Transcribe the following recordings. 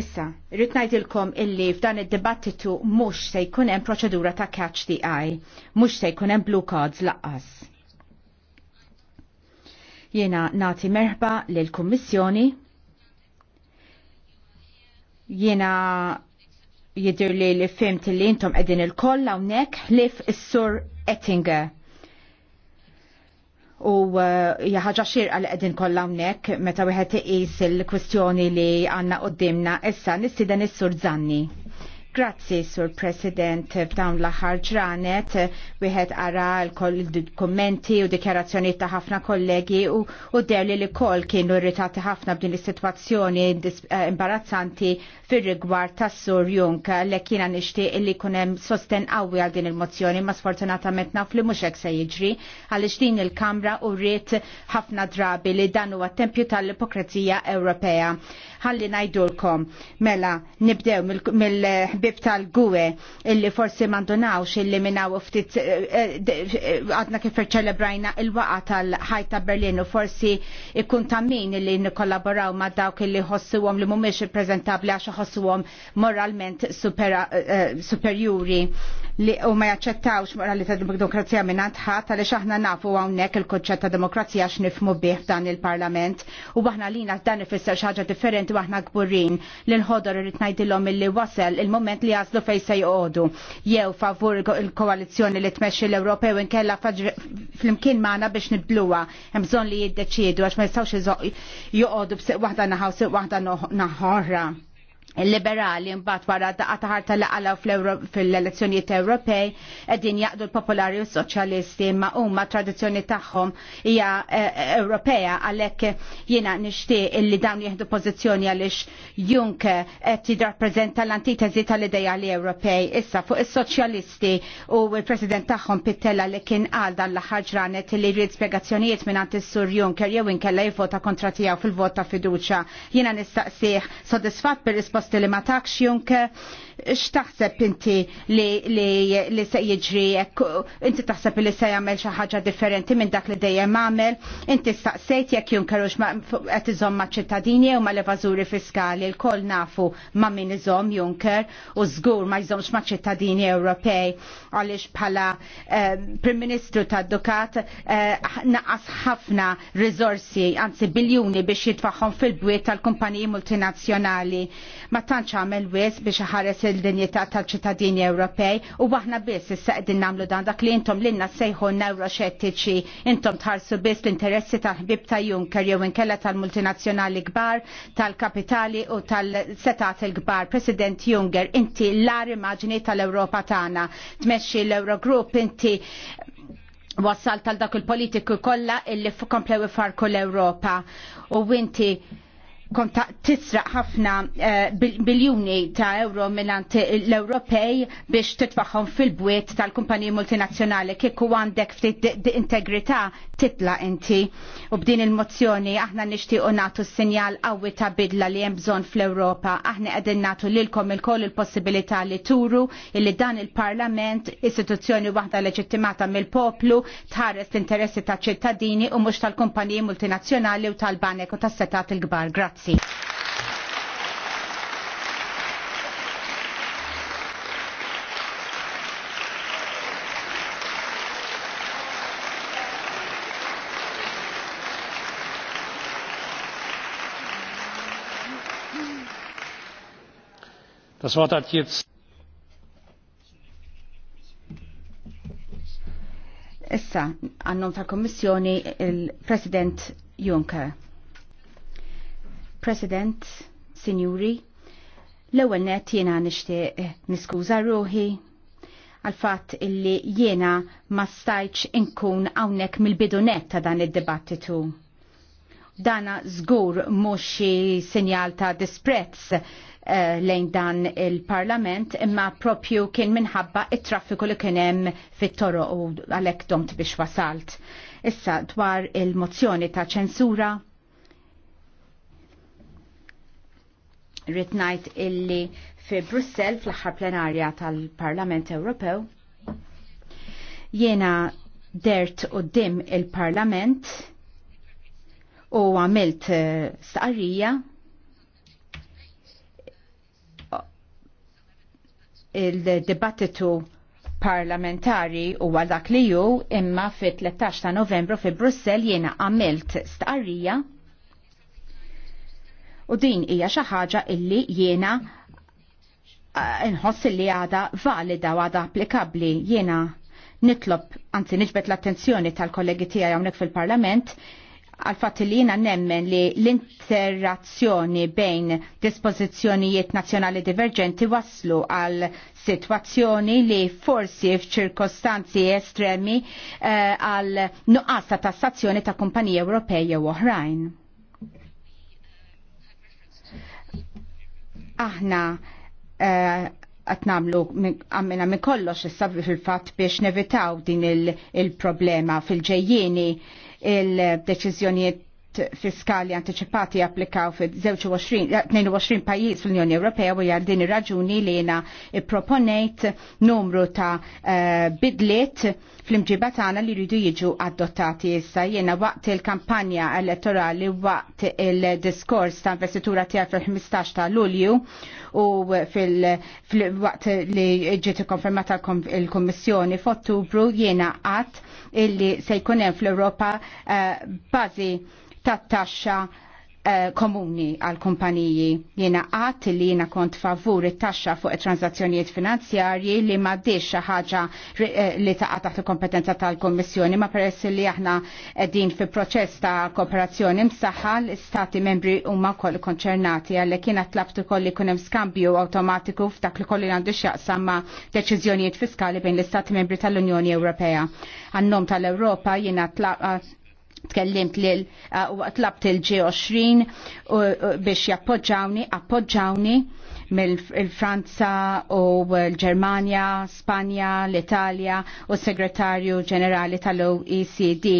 Issa, irrid ngħidilkom illi f'dan id-dibattitu mhux se jkun hemm proċedura ta' catch the eye, mhux se jkun hemm blue cards laqqas. Jiena nagħti merħba lill kummissjoni Jiena jidher li li fimt li intom qegħdin il-koll hawnhekk lif is-sur Ettinger u eh, jaħġa xirqa li qegħdin kollha hawnhekk meta wieħed iqis il-kwistjoni li għandna qudiemna issa nistiden is-sur Zanni. Grazzi, Sur President, f'dawn l-aħħar ġranet, wieħed ara l dokumenti u dikjarazzjonijiet ta' ħafna kollegi u, u derli li kol kienu irritati ħafna b'din is-sitwazzjoni eh, imbarazzanti fir-rigward tas Sur Junk li kiena nixtieq li jkun hemm sosten qawwi għal din il-mozzjoni ma sfortunatament naf li mhux hekk se jiġri għaliex din il-Kamra u rrit ħafna drabi li dan huwa tempju tal-ipokrazija Ewropea ħalli najdulkom mela nibdew mill-ħbib tal-gwe illi forsi mandunawx illi minnaw ftit eh, eh, eh, għadna kif ċelebrajna il-waqa tal-ħajta Berlin u forsi ikkun tammin illi nikollaboraw ma dawk illi għom li mhumiex ippreżentabbli għax għom moralment superjuri li u ma jaċċettawx tad demokrazija minnant ħadd għaliex aħna nafu hawnhekk il-konċett ta' demokrazija x'nifmu bih dan il-Parlament u aħna lina dan ifisser xi ħaġa differenti u aħna kburin li nħodor irid ngħidilhom illi wasel il-moment li jaslu fejn se joqogħdu jew favur il-koalizzjoni li tmexxi l-Ewropew inkella flimkien magħna biex nibluha hemm bżonn li jiddeċiedu għax ma jistgħux joqogħdu b'siq waħda naħaw siq waħda naħorra il-liberali mbagħad wara ta' ħarta li qalaw fil-elezzjonijiet Ewropej qegħdin jaqdu l-popolari u s-soċjalisti ma huma tradizzjoni tagħhom hija e, e, Ewropea għalhekk jiena nixtieq illi dawn jieħdu pożizzjoni għaliex Juncker qed jirrappreżenta l-antitezi tal li Ewropej issa fuq is-soċjalisti u l-President tagħhom Pittella li kien qal dan l-aħħar ġranet li jrid spjegazzjonijiet mingħand is-Sur Juncker jew inkella jivvota kontra tiegħu fil-vot ta' fiduċja. Jiena nistaqsih sodisfatt bir rispost risposti li ma takx Juncker x'taħseb inti li, li, li se jiġri inti taħseb li se jagħmel xi ħaġa differenti minn dak li dejjem għamel, inti staqsejt jekk Junkerux qed iżomm ma' ċittadini u mal evażuri fiskali l-koll nafu ma' min iżomm Junker u żgur ma jżommx ma' ċittadini Ewropej għaliex bħala eh, Prim Ministru tad Dukat eh, naqas ħafna riżorsi, anzi biljuni biex jitfaħħom fil-bwiet tal-kumpaniji multinazzjonali ma tantx għamel wis biex ħares il-dinjità tal-ċittadini Ewropej u waħna biss issa qegħdin nagħmlu dan dak li intom lilna sejħu neuroxettiċi, intom tħarsu biss l-interessi tal-ħbib ta' Juncker jew inkella tal-multinazzjonali kbar, tal-kapitali u tal-setat il-kbar. President Juncker, inti l-ar immaġni tal-Ewropa tagħna, tmexxi l-Eurogroup inti wassal tal dak il-politiku kollha illi komplew ifarku l-Ewropa. U inti konta tisraq ħafna eh, biljuni ta' euro minnant l-Ewropej biex titfaħħom fil-bwiet tal-kumpaniji multinazzjonali kieku għandek ftit integrità titla inti u b'din il-mozzjoni aħna nixtiequ nagħtu s-sinjal qawwi ta' bidla li hemm bżonn fl-Ewropa aħna qegħdin nagħtu lilkom il-koll il-possibilità li turu illi dan il-Parlament istituzzjoni waħda leġittimata mill-poplu tħares l-interessi ta' ċittadini u mhux tal-kumpaniji multinazzjonali u tal-banek u tas-setat il-kbar. Grazie. Grazzi. Das Wort hat jetzt Issa, għannom tal-Kommissjoni il-President Juncker. President, Sinjuri, l-ewwel net jiena nixtieq niskuża ruħi għal fatt illi jiena ma stajċ inkun hawnhekk mill-bidunet ta' dan id-dibattitu. Dana żgur mhux xi sinjal ta' disprezz Uh, lejn dan il-parlament imma propju kien minħabba it-traffiku li kien hemm fit-toro u għalhekk domt biex wasalt. Issa dwar il-mozzjoni ta' ċensura Ritnajt illi fi Brussel fl aħħar plenarja tal-Parlament Ewropew. Jena dert u dim il-Parlament u għamilt eh, staqrija il-dibattitu parlamentari u għal dak li ju imma fi 13 ta' novembru fi Brussel jena għamilt staqrija U din hija xi ħaġa illi jiena eh, nħoss li għada valida u għada applikabli jiena nitlob, anzi nġbet l-attenzjoni tal-kollegi tiegħi hawnhekk fil-Parlament għal-fat li jina nemmen li l-interazzjoni bejn dispozizjonijiet nazjonali divergenti waslu għal situazzjoni li forsi f'ċirkostanzi estremi eh, għal nuqqas ta' tassazzjoni ta' kumpaniji Ewropej u oħrajn. aħna eh, għatnamlu għammina mi kollox s-sabbi fil-fat biex nevitaw din il-problema fil ġejjieni il-deċizjoniet fiskali anticipati applikaw fi 22 eh, pajjiż fl-Unjoni Ewropea u għal din ir-raġuni li jiena proponejt numru ta' bidlit eh, bidliet fl-imġiba tagħna li jridu jiġu adottati issa jiena waqt il-kampanja elettorali waqt il-diskors ta' investitura tiegħek fil-15 ta' Lulju u fil, waqt li ġiet ikkonfermata l-Kummissjoni f'Ottubru jiena qatt illi se jkun hemm fl-Ewropa uh, bażi tat-taxxa eh, komuni għal kumpaniji. Jena għat li jena kont favur it-taxxa fuq transazzjonijiet finanzjarji li ma xi ħaġa eh, li taqa' taħt il-kompetenza tal-Kommissjoni ma peress li aħna din fi proċess ta' kooperazzjoni msaħħa l istati membri huma wkoll konċernati għalhekk jiena tlabtu kolli li jkun hemm skambju awtomatiku f'dak li kollu għandu x'jaqsam ma' deċiżjonijiet fiskali bejn l-Istati membri tal-Unjoni Ewropea. Għannom tal-Ewropa jiena tkellimt lil uh, tlabt il-G20 biex jappoġġawni, appoġġawni mill-Franza u l-Germania, Spanja, l-Italja u s-Segretarju Ġenerali tal-OECD.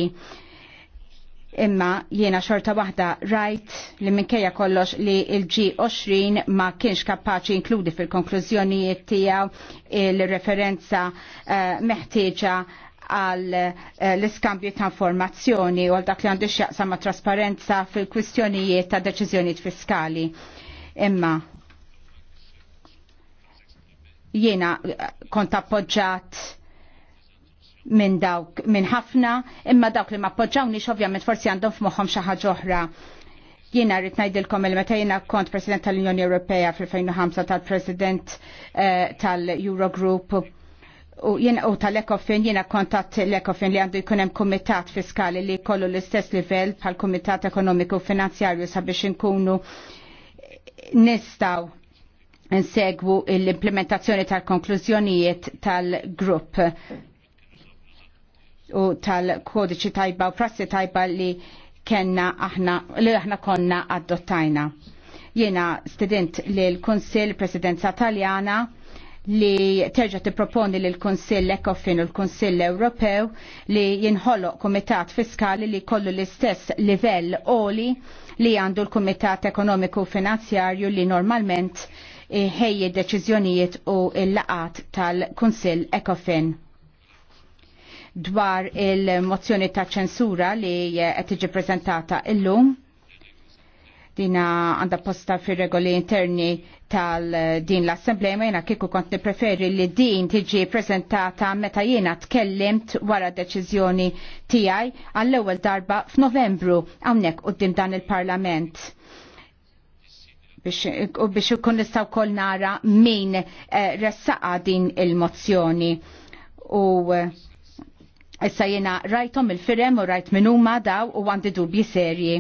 Imma jiena xorta waħda rajt li minkejja kollox li il-G20 ma kienx kapaċi inkludi fil-konklużjonijiet tiegħu il-referenza uh, meħtieġa għal eh, l-iskambju ta' informazzjoni u għal dak li għandu xjaqsa ma' trasparenza fil-kwistjonijiet ta' deċiżjonijiet fiskali. Imma jiena eh, kont appoġġat minn dawk minn ħafna, imma dawk li ma appoġġawniex ovvjament forsi għandhom f'moħħom xi ħaġa oħra jiena rrid ngħidilkom il meta jiena kont President tal-Unjoni Ewropea fil-2005 tal-President eh, tal-Eurogroup u jien u tal-ekofin jiena kontat l-ekofin li għandu jkun hemm kumitat fiskali li jkollu l-istess livell bħal kumitat ekonomiku finanzjarju sabiex inkunu nistaw nsegwu l-implementazzjoni tal-konklużjonijiet tal-grupp u tal-kodiċi tajba u prassi tajba li kenna aħna li aħna konna adottajna. Jiena student li l-Kunsil Presidenza Taljana li terġa tipproponi l kunsill ECOFIN u l-Kunsill Ewropew li jinħoloq Kumitat Fiskali li kollu l-istess livell oli li għandu l-Kumitat Ekonomiku Finanzjarju li normalment ħejji deċiżjonijiet u l-laqat tal-Kunsill ECOFIN dwar il-mozzjoni ta' ċensura li qed tiġi prezentata illum dina għanda posta fir regoli interni tal-din eh, l-Assemblea ma jena kiku kont preferi li din tiġi prezentata meta jena tkellimt wara deċizjoni tijaj għall-ewel darba f'Novembru għamnek u dan il-Parlament u biex ikun nistaw kol nara min eh, ressaqa din il-mozzjoni u eh, issa jena rajtom il-firem u rajt minuma daw u għandi dubji serji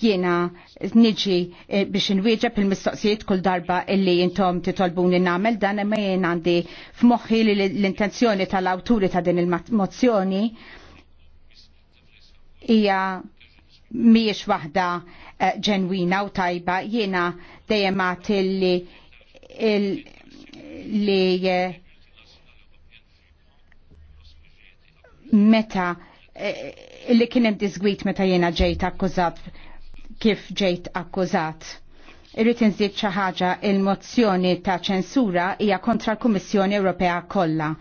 jiena niġi eh, biex nwieġeb il-mistoqsijiet kull darba illi jintom titolbuni namel dan ma jien għandi f'moħħi li l-intenzjoni tal-awturi ta' din il-mozzjoni hija miex waħda eh, ġenwina u tajba jiena dejjem għati li li eh, meta illi kien hemm diżgwit meta jiena ġejt akkużat kif ġejt akkużat. Irrid inżid xi ħaġa il-mozzjoni ta' ċensura hija kontra l-Kummissjoni Ewropea kollha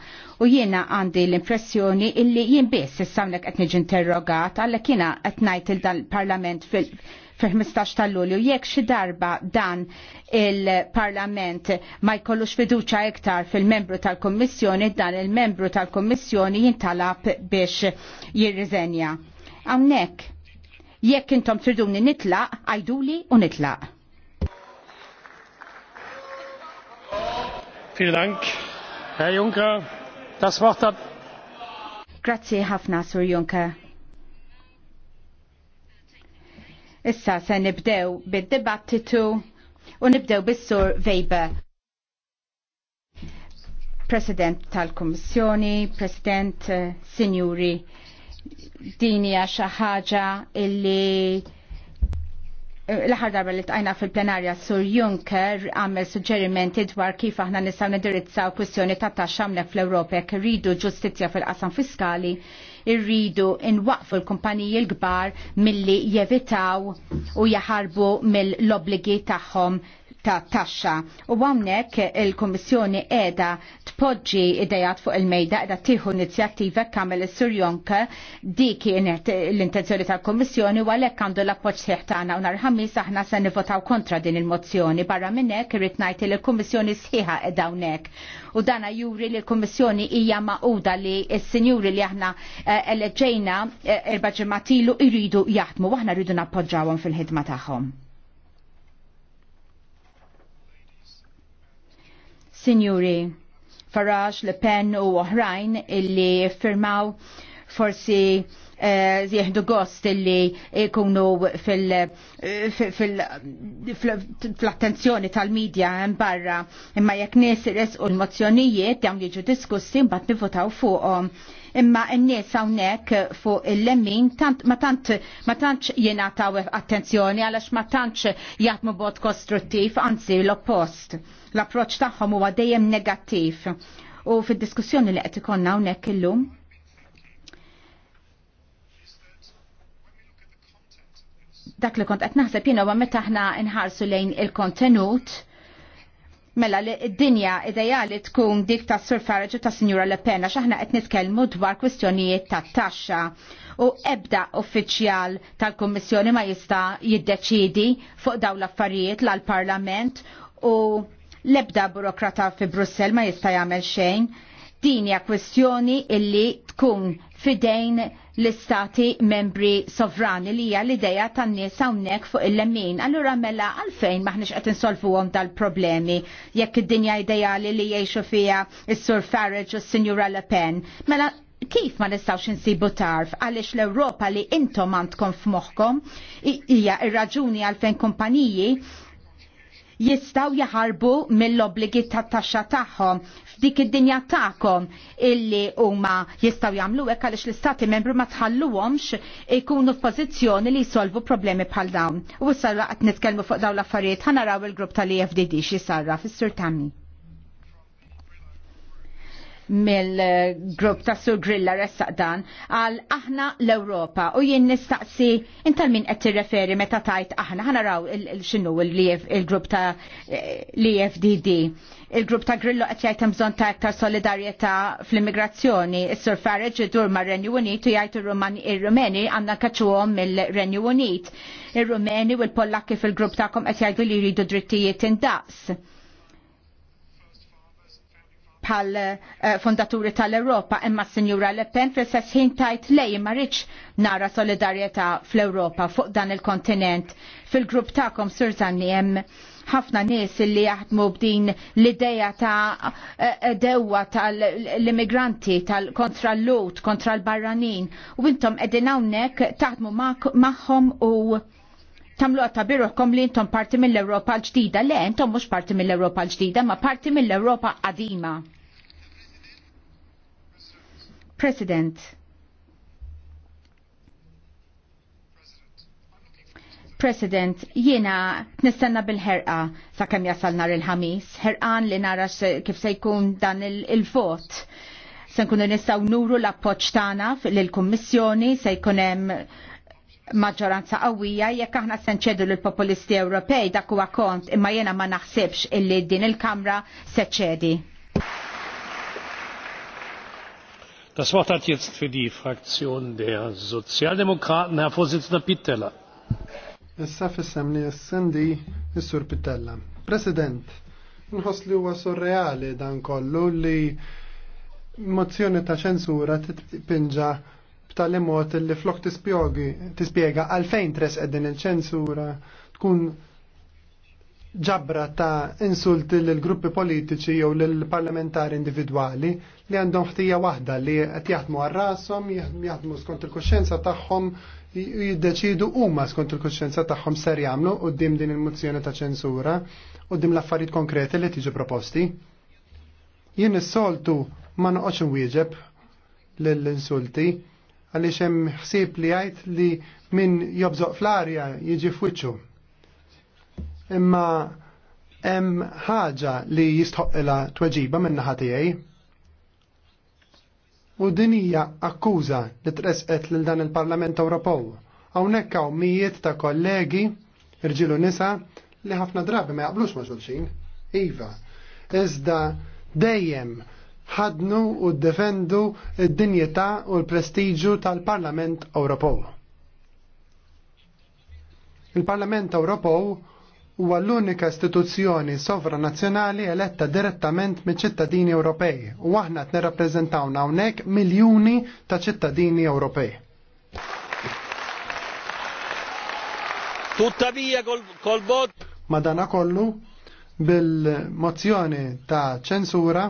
u jiena għandi l-impressjoni illi jien biss issa hawnhekk qed niġi interrogat għalhekk jiena qed ngħid il-Parlament fil fil-15 ta' Lulju. Jekk xi darba dan il-Parlament ma jkollux fiduċa iktar fil-membru tal-Kommissjoni, dan il-membru tal-Kommissjoni jintalab biex jirriżenja. Hawnhekk jekk intom triduni nitlaq, għajduli u nitlaq. Vielen Dank, Herr Juncker. Das Wort hat Grazie ħafna, Sur Juncker. Issa se nibdew bid-dibattitu u nibdew bis-sur Weber. President tal-Kommissjoni, President uh, eh, Sinjuri, dinja xi ħaġa illi eh, l-ħar darba li tqajna fil-plenarja sur Juncker għamel suġġerimenti dwar kif aħna nistgħu nidirizzaw kwistjoni ta' taxxa fl-Ewropa jekk irridu ġustizzja fil-qasam fiskali irridu inwaqfu l-kumpaniji l-kbar milli jevitaw u jaħarbu mill-obligi tagħhom ta' taxxa u għamnek il-Komissjoni edha tpoġġi idejat fuq il-mejda edha tiħu inizjattiva kamel il-Sur Jonka di kienet l-intenzjoni tal-Komissjoni u għalek għandu l-appoġġ sieħ tagħna u narħamis aħna se nivotaw kontra din il-mozzjoni barra minnek irrid il komissjoni sħiħa edha unnek. u dana juri li l-Komissjoni hija maquda li s senjuri li aħna eh, eleġġejna eh, erba' ġematilu jridu jaħdmu u aħna rridu nappoġġawhom fil-ħidma tagħhom. Sinjuri, Farage, Le Pen u oħrajn illi firmaw forsi eh, gost illi ikunu fil-attenzjoni tal-medja barra imma jekk nies u l-mozzjonijiet dawn jiġu diskussi mbagħad fuqom. fuqhom imma n-nies hawnhekk fuq il-lemmin ma tant ma tantx jingħataw attenzjoni għalax ma tantx jaħdmu bod kostruttiv, anzi l-oppost. L-approċċ tagħhom huwa dejjem negattiv. U fid-diskussjoni li qed ikollna hawnhekk illum, dak li kont qed naħseb jiena meta aħna nħarsu lejn il-kontenut, mela li d-dinja ideali tkun dik ta' Sir Farage u ta' Signora Le Pen għax aħna qed nitkellmu dwar kwistjonijiet ta' taxxa u ebda uffiċjal tal-Kummissjoni ma jista' jiddeċidi fuq dawn l-affarijiet l-Parlament u l-ebda burokrata fi Brussell ma jista' jagħmel xejn. Din hija kwestjoni illi tkun fidejn l-istati membri sovrani li hija l-ideja tan-nies hawnhekk fuq il-lemin. Allura mela għalfejn maħniex qed insolvuhom dal-problemi jekk id-dinja ideali li jgħixu fiha s sur Farage u s-Sinjura Le Pen. Mela kif ma nistawx insibu tarf għaliex l-Ewropa li intom għandkom f'moħħkom hija ir-raġuni għalfejn kumpaniji jistaw jaħarbu mill-obligi ta' taxxa tagħhom f'dik id-dinja tagħkom illi huma jistaw jagħmlu hekk għaliex l-istati membri ma tħalluhomx ikunu f'pożizzjoni li jsolvu problemi bħal dawn. U issa qed nitkellmu fuq dawn l-affarijiet ħanaraw il-grupp tal-EFDD xi sarra fis-Sur Tammi mill-grupp ta' Sur Grilla ressaq dan għal aħna l-Ewropa u jien nistaqsi intal min qed tirreferi meta tajt aħna ħana raw x'inhu il-grupp ta' eh, l-EFDD. Il-grupp ta' Grillo qed jgħid hemm bżonn ta' aktar solidarjetà fl-immigrazzjoni. Is-Sur Farage idur mar-Renju Unit u jgħid ir-Rumeni għandna kaċċuhom mill-Renju Unit. Ir-Rumeni u l-Pollakki fil-grupp tagħkom qed jgħidu li jridu drittijiet indaqs pal eh, fondaturi tal-Europa imma s-Sinjura Le Pen fil-sess ħin tajt lej ma riċ nara solidarjetà fl-Europa fuq dan il-kontinent. Fil-grupp ta'kom Sur Zanni hemm ħafna nies li jaħdmu b'din l-ideja ta' eh, dewa tal-immigranti tal kontra l-lut, kontra l-barranin u intom edin hawnhekk taħdmu magħhom u tamlu għatta birruħkom li intom parti mill-Europa l-ġdida. Le, intom mux parti mill-Europa l-ġdida, ma parti mill-Europa qadima. President. President, jiena nistenna bil-ħerqa sa' kem jasal nar il-ħamis, ħerqan li nara kif se jkun dan il-vot. Il se nkunu nistaw nuru l-appoċ tagħna lill-Kummissjoni se jkun hemm maġġoranza qawwija jekk aħna se nċedu lill populisti Ewropej dak huwa kont imma jiena ma naħsibx illi din il-Kamra se ċedi. Das Wort hat jetzt für die Fraktion der Sozialdemokraten Herr Vorsitzender Pittella. Issa fissem li sendi Pittella. President, nħoss li huwa surreali dan kollu li mozzjoni ta' ċensura titpinġa b'tali mod li flok tispjega għalfejn tres din il-ċensura tkun ġabra ta' insulti lil gruppi politiċi jew lil parlamentari individwali li għandhom ħtija waħda li qed jaħdmu għal rashom, jaħdmu skont il-kuxjenza tagħhom jiddeċidu huma skont il-kuxjenza tagħhom ser jagħmlu quddiem din il-mozzjoni ta' ċensura, quddiem l-affarijiet konkreti li tiġi proposti. Jien is-soltu ma noqgħodx inwieġeb lill-insulti, għaliex hemm ħsieb li jgħid li min jobżoq fl-arja jiġi f'wiċċu. Imma hemm ħaġa li jistħoqilha tweġiba minn naħa tiegħi. U din hija akkuża li tresqet lil dan il-Parlament Ewropew. Hawnhekk hawn mijiet ta' kollegi, irġilu nisa, li ħafna drabi ma jaqblux ma' xulxin. Iva, iżda dejjem ħadnu u defendu id-dinjità u l-prestiġu tal-Parlament Ewropew. Il-Parlament Ewropew huwa l-unika istituzzjoni sovranazzjonali eletta direttament mill ċittadini Ewropej u aħna qed nirrappreżentawna hawnhekk miljuni ta' ċittadini Ewropej. Tuttavia kol bot Madana kollu bil-mozzjoni ta' ċensura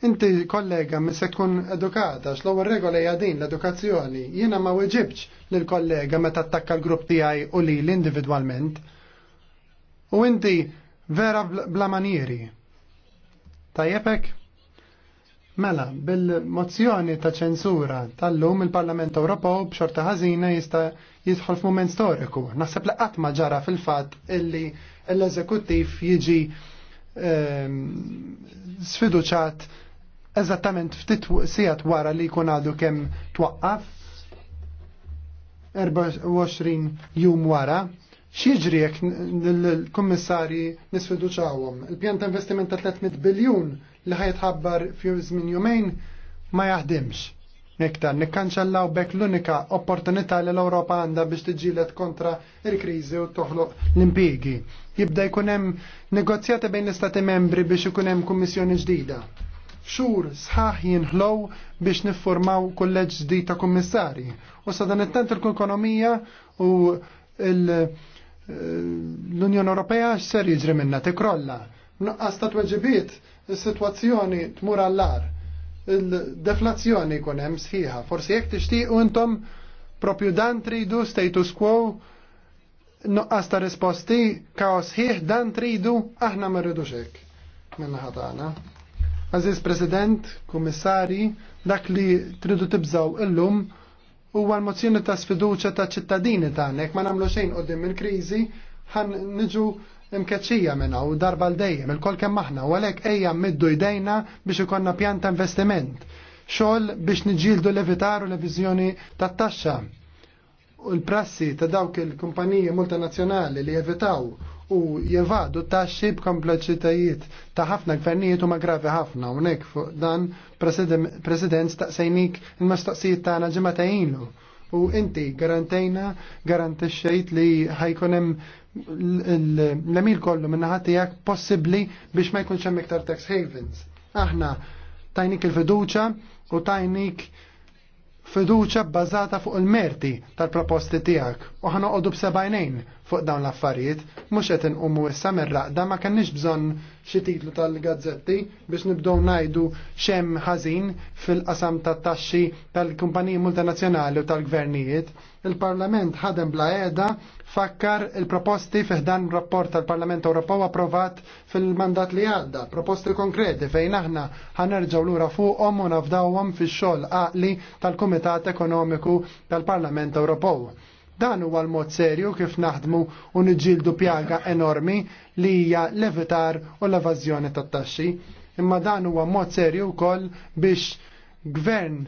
Inti kollega mis tkun edukata, x'l-ewwel regola hija din l-edukazzjoni. Jiena ma weġibx lil kollega meta attakka l-grupp tiegħi u li individwalment. U inti vera bla manieri. Tajjebek? Mela, bil-mozzjoni ta' ċensura tal-lum il-Parlament Ewropew b'xorta ħażina jista' jidħol f'mument storiku. Naħseb li qatt ma ġara fil-fatt illi l-eżekuttiv jiġi ehm, sfiduċat eżattament ftit sijat wara li jkun għadu kemm twaqqaf 24 jum wara. Xieġri jek l-kommissari nisfidu ċawom? Il-pjan ta' investiment ta' 300 biljun li ħajtħabbar fi żmien jumejn ma jaħdimx. Niktar, nikkanċallaw bekk l-unika opportunità li l-Europa għandha biex tiġilet kontra il-kriżi u toħloq l impiegi Jibda jkun hemm negozjati bejn l-Istati membri biex ikun hemm kummissjoni ġdida xur sħaħ jinħlow biex niffurmaw kolleġ ġdid ta' kummissari. U sa dan it-tent il ekonomija eh, u l-Unjoni Ewropea x'ser jiġri minna tikrolla. Nuqqas ta' tweġibiet, is-sitwazzjoni tmur għall-ar. Il-deflazzjoni jkun hemm sħiħa. Forsi jekk tixtiequ intom propju dan tridu status quo nuqqas ta' risposti kaos ħieħ dan tridu aħna ma rridux hekk. Minna ħatana. Aziz President, Komissari, dak li tridu tibżaw illum huwa l-mozzjoni ta' sfiduċa ta' ċittadini tagħna jekk ma nagħmlu xejn qudiem il-kriżi ħan niġu imkeċija minna u darba l-dejjem il-kol kemm aħna u għalhekk ejja middu jdejna biex ikonna pjan ta' investiment. Xogħol biex nġildu levitaru u l-eviżjoni tat-taxxa u l-prassi ta' dawk il-kumpaniji multinazzjonali li jevitaw u jevadu xib kompleċitajiet ta' ħafna gvernijiet ma' gravi ħafna hawnhekk fuq dan President staqsejnik il-mistaqsijiet tagħna ġimgħa ilu. U inti garantejna garantixxejt li ħajkun hemm l-emil kollu minna naħa tiegħek possibbli biex ma jkunx hemm iktar tax havens. Aħna tajnik il-fiduċa u tajnik fiduċa bbażata fuq il-merti tal-proposti tiegħek u ħanoqogħdu b'sebajnejn fuq dawn l-affarijiet, mhux qed inqumu issa mir-raqda ma kenniex bżonn xi titlu tal-gazzetti biex nibdew ngħidu xem ħażin fil-qasam tat-taxxi tal-kumpaniji multinazzjonali u tal-gvernijiet. Il-Parlament ħadem bla qiegħda fakkar il-proposti fiħdan rapport tal-Parlament Ewropew approvat fil-mandat li għadda, proposti konkreti fejn aħna ħanerġgħu lura fuqhom u nafdawhom fix-xogħol għaqli tal-Kumitat Ekonomiku tal-Parlament Ewropew Dan huwa l-mod serju kif naħdmu u niġġieldu pjaga enormi li hija l-evitar u l-evażjoni tat-taxxi. Imma dan huwa mod serju wkoll biex gvern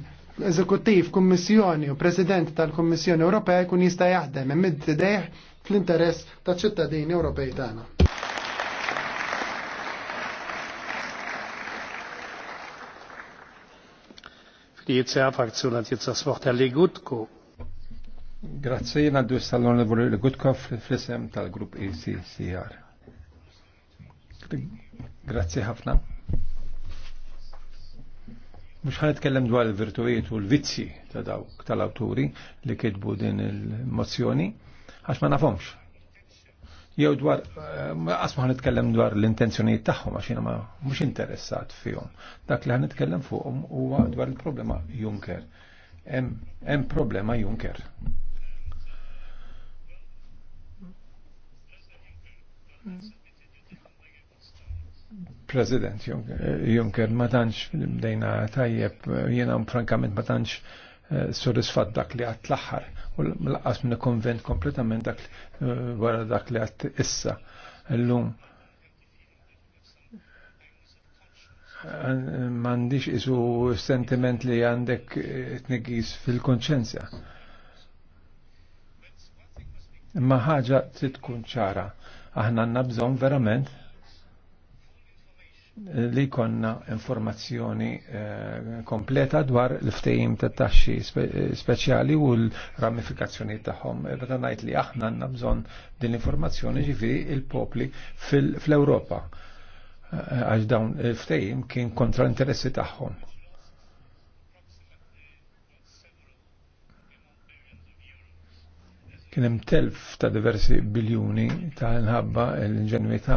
eżekuttiv, kummissjoni u president tal-Kummissjoni Ewropea kun jista' jaħdem imid dejh fl-interess taċ ċittadini Ewropej tagħna. Fl-jiet se għafak sulat jitsa li Grazzi, għaddu s-sallon Gutkov fl-isem tal-grupp ECCR. Grazzi ħafna. Mux ħan itkellem dwar il-virtujiet u l-vizzi ta' dawk tal-awturi li kitbu din il-mozzjoni, għax ma nafomx. Jew dwar, eh, asma ħan itkellem dwar l-intenzjonijiet tagħhom għax jiena mhux interessat fihom. Dak li ħan itkellem fuqhom huwa dwar il-problema Juncker. Hemm problema Juncker. President Juncker, ma tantx bdejna tajjeb, un frankament ma tantx eh, sodisfat dak li għat l-axħar u l-qas minn konvent kompletament dak eh, wara dak li għat issa l-lum. Mandiċ isu sentiment li għandek eh, t-negis fil-konċenzja. Ma ħagġa trid tkun ċara Aħna għanna bżon verament eh, li konna informazzjoni eh, kompleta dwar l-ftejim ta' taxxi eh, speċjali u l-ramifikazzjoni tagħhom. Meta ngħid li aħna għandna bżonn din l-informazzjoni ġifieri il-popli fl-Ewropa għax dawn il-ftejim kien kontra l-interessi tagħhom Kien hemm telf ta' diversi biljuni ta' nħabba l-inġenwità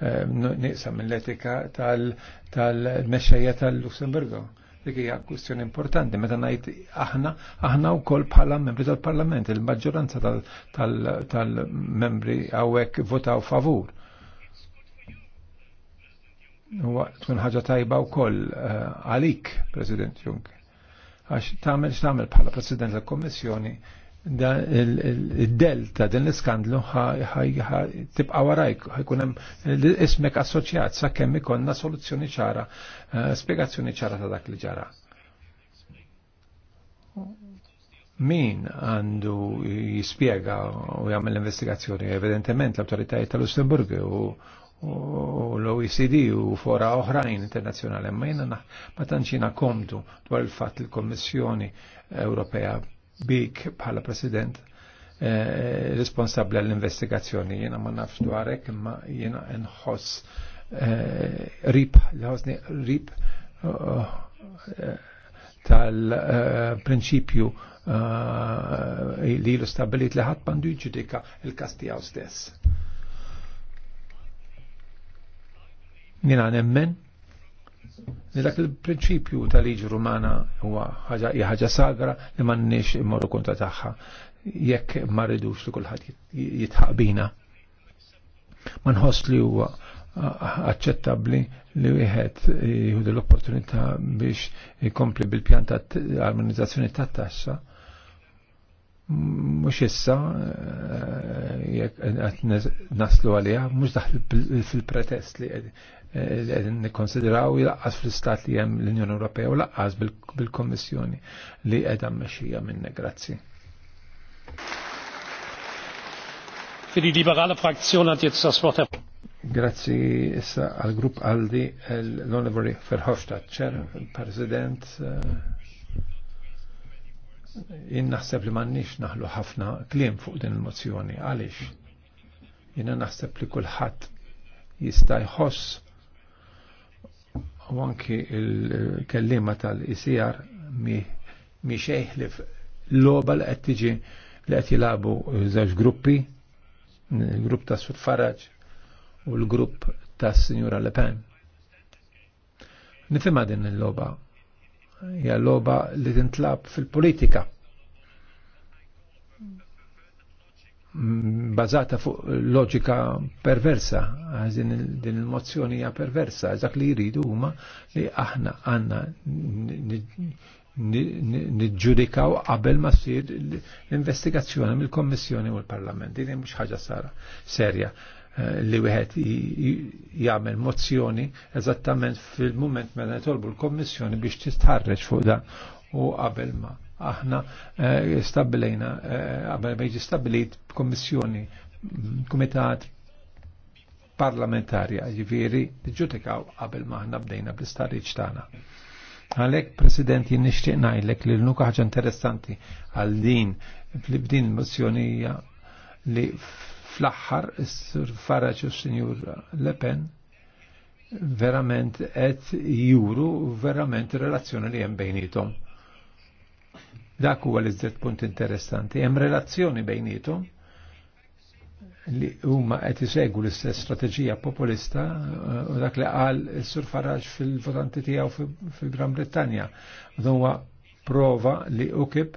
eh, nieqsa mill-etika tal-mexxejja tal lussemburgo Dik hija kwistjoni importanti meta ngħid aħna aħna wkoll bħala membri tal-Parlament, il-maġġoranza tal-membri hawnhekk votaw favur. Huwa tkun ħaġa tajba wkoll eh, għalik, President Juncker għax tagħmel x'tagħmel bħala President tal kommissjoni il-del ta' din l-iskandlu tibqa warajk, ħajkunem hemm ismek assoċjat sakemm konna soluzzjoni ċara, eh, spjegazzjoni ċara ta' dak li ġara. Min għandu jispjega u jagħmel l-investigazzjoni? Evidentement l autoritajiet tal-Lussemburgu u l-OECD u fora oħrajn internazzjonali, ma jena ma tanċina komdu dwar il-fat il-Kommissjoni Ewropea bik bħala president eh, responsabli għall-investigazzjoni jena ma nafx dwarek imma jena nħoss eh, rib eh, li ħosni rib tal-prinċipju li lu stabilit li ħadd mandu jġudika il-kastijaw stess. Nina nemmen dak il-prinċipju tal-liġi rumana huwa ħaġa sagra li m'għandniex immorru kontra tagħha jekk ma rridux li kulħadd jitħaqbina. Ma nħoss li huwa aċċettabbli li wieħed jieħu l-opportunità biex jkompli bil-pjan ta' armonizzazzjoni tat-taxxa mux issa eh, jek naslu għalija, mux daħl fil-pretest li Eh, nikkonsideraw jilqqas fl-istat li hemm l-Unjoni Ewropea u laqqas bil-Kommissjoni li qiegħda mmexxija minnha. Grazzi. Für die liberale Fraktion hat jetzt das Wort Herr Grazzi issa għall grupp Aldi l-Onorevoli Verhofstadt, ċer, President, eh, jien naħseb li m'għandniex naħlu ħafna kliem fuq din il-mozzjoni. Għaliex? Jiena naħseb li kulħadd jista' jħoss u anki il-kellima tal-ICR mi xeħ li l-loba li qed tiġi li qed labu żewġ gruppi, il-grupp ta' Sur u l-grupp ta' Signora Le Pen. Nifhimha din il-loba. Hija loba li tintlab fil-politika bazata fuq loġika perversa, din il-mozzjoni hija perversa, dak li jridu huma li aħna għandna nġudikaw qabel ma sir l-investigazzjoni mill-Kommissjoni u l-Parlament. Din mhux ħaġa sara serja eh, li wieħed jagħmel mozzjoni eżattament fil-mument meta jtolbu l-Kommissjoni biex tistħarreġ fuq da u qabel ma aħna eh, stabilejna qabel eh, meġi stabilit stabbilit komitat kumitat parlamentarja ġifieri ġudikaw qabel ma aħna bdejna bl-istariċ tagħna. Għalek, President, jinnishtiq najlek li l-nuka ħagġa interessanti għal din fl il mozzjonija li fl-axħar s-sur Faraċ u s senjur Le Pen verament et juru verament relazzjoni li jem bejnietom. Dak huwa l-iżżed punt interessanti. Hemm relazzjoni bejnietom li huma qed isegwu l-istess strateġija populista u dak li qal is-Sur Farage fil-votanti tiegħu fil-Gran Brittanja. Dan huwa prova li UKIP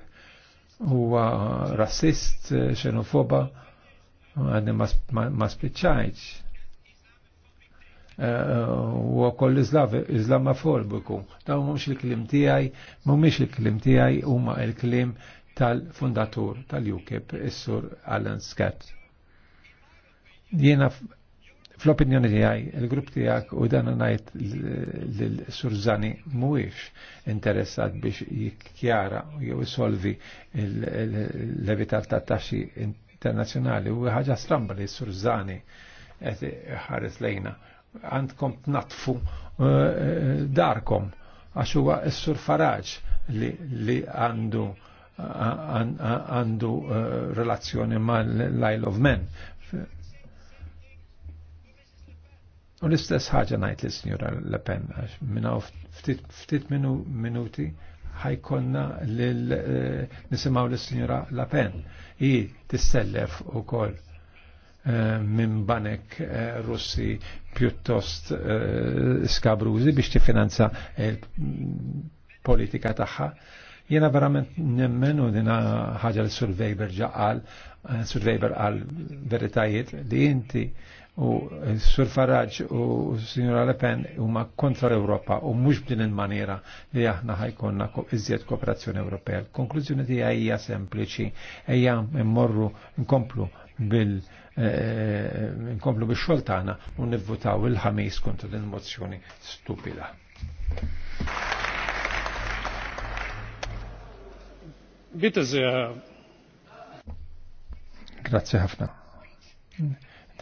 huwa rassist, xenofoba, għadni ma spiċċajċ u koll islamaforbiku. Daw mhumx il-klim tiegħi, mhumiex il-klim tiegħi huma il-klim tal-fundatur tal-UKIP, is-sur Alan Scott. Jiena fl-opinjoni tiegħi, il-grupp tiegħek u dan ngħid l surzani mhuwiex interessat biex jikkjara jew isolvi l-levitat ta' taxxi internazzjonali u ħaġa stramba li Surzani qed ħares lejna għandkom tnatfu eh, eh, darkom għax huwa s-sur Faraġ li għandu għandu eh, relazzjoni ma' l-Isle of Men. U l-istess ħagġa najt li s-njura Le Pen, għax minna ftit minuti ħajkonna nisimaw l-signora Le Pen. I t tistellef u koll Eh, minn banek eh, russi pjuttost eh, skabruzi biex tifinanza il-politika taħħa. Jena verament nemmen u dina ħagġa l survejber ġaqal, survejber għal veritajiet li inti u Sur Farage u Signora Le Pen u ma kontra l europa u mux b'din il-maniera li aħna ħajkonna iżjed kooperazzjoni Ewropea. Konklużjoni tiegħi hija sempliċi ejja immorru nkomplu bil- Eh, nkomplu biex xogħol tagħna u nivvutaw il-ħamis kontra din mozzjoni stupida. Grazie ħafna.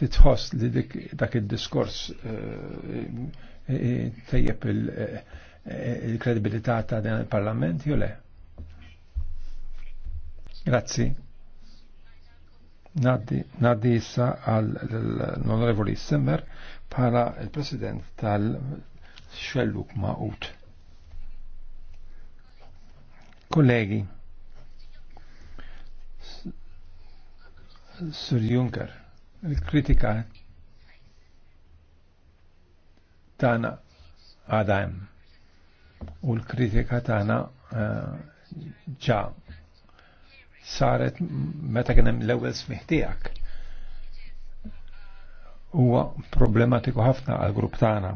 Titħoss li dak il-diskors eh, eh, tejjeb il-kredibilità ta' dan il-parlament, jo le? Grazzi. Naddi issa għal l-Onorevoli Semmer para il-President tal-Xelluk Ma'ut. Kollegi, Sir Juncker, il-kritika tana għadajm u l-kritika tana eh, ġa uh, saret meta kien hemm l-ewwel smih tiegħek. Huwa problematiku ħafna għal grupp tagħna.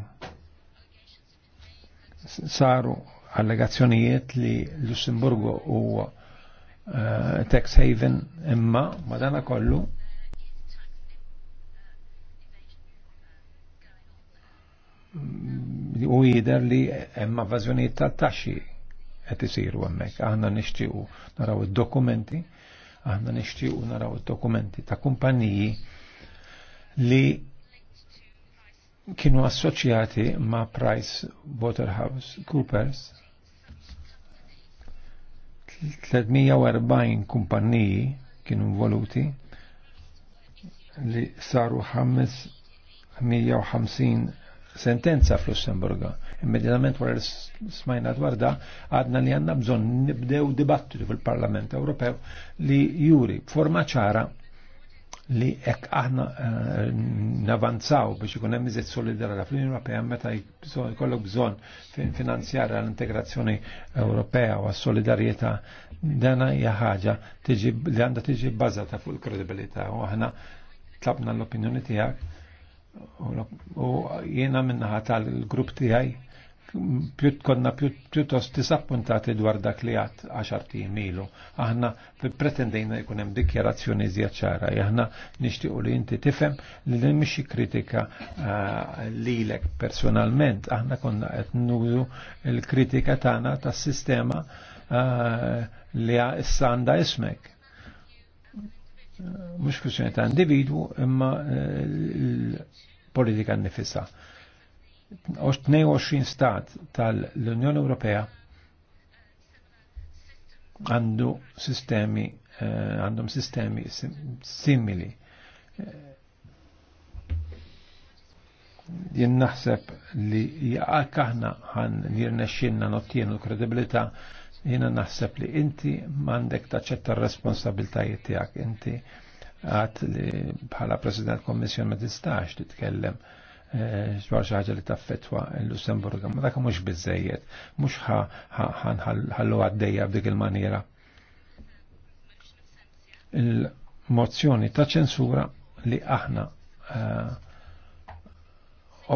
Saru allegazzjonijiet li Lussemburgu huwa uh, tax haven imma madana kollu u jider li hemm avvażjonijiet ta' taxxi qed isiru hemmhekk. Aħna nixtiequ naraw il dokumenti aħna nixtiequ naraw il dokumenti ta' kumpaniji li kienu assoċjati ma' Price Waterhouse Coopers 340 kumpaniji kienu voluti li saru 550 sentenza fl-Lussemburga. Immediatament wara smajna dwar da, għadna li għanna bżon nibdew dibattitu fil-Parlament Ewropew li juri forma ċara li ek aħna eh, navanzaw biex ikun hemm iżet solidarja fl-Unjoni Ewropea meta jkollok bżonn finanzjara l-integrazzjoni Ewropea u għas-solidarjetà dana hija ħaġa li għandha tiġi bbażata fuq il-kredibilità u aħna tlabna l-opinjoni tiegħek U jiena minnaħa tal-grupp tiegħi konna pjuttost disappuntati dwar dak li għat għaxarti milu. Aħna pretendejna jkun hemm dikjarazzjoni zjaċara. Aħna nixtiequ li inti tifhem li li mixi kritika eh, lilek personalment. Aħna konna qed il l-kritika tagħna tas-sistema eh, li issa għandha ismek mux kwestjoni ta' individu imma eh, l-politika nifissa. 22 stat tal-Unjoni Ewropea għandu sistemi eh, għandhom sistemi simili. Jien naħseb li jgħakahna aħna ħan jirnexxinna nottienu kredibilità Jiena naħseb li inti m'għandek taċċetta r-responsabiltajiet tiegħek inti għat li bħala President Kommissjon ma tistax titkellem xbar eh, xaħġa li taffetwa l-Lussemburga, ma dak mux bizzejiet, mux ħallu għaddeja b'dik il-maniera. Il-mozzjoni ta' ċensura li aħna eh,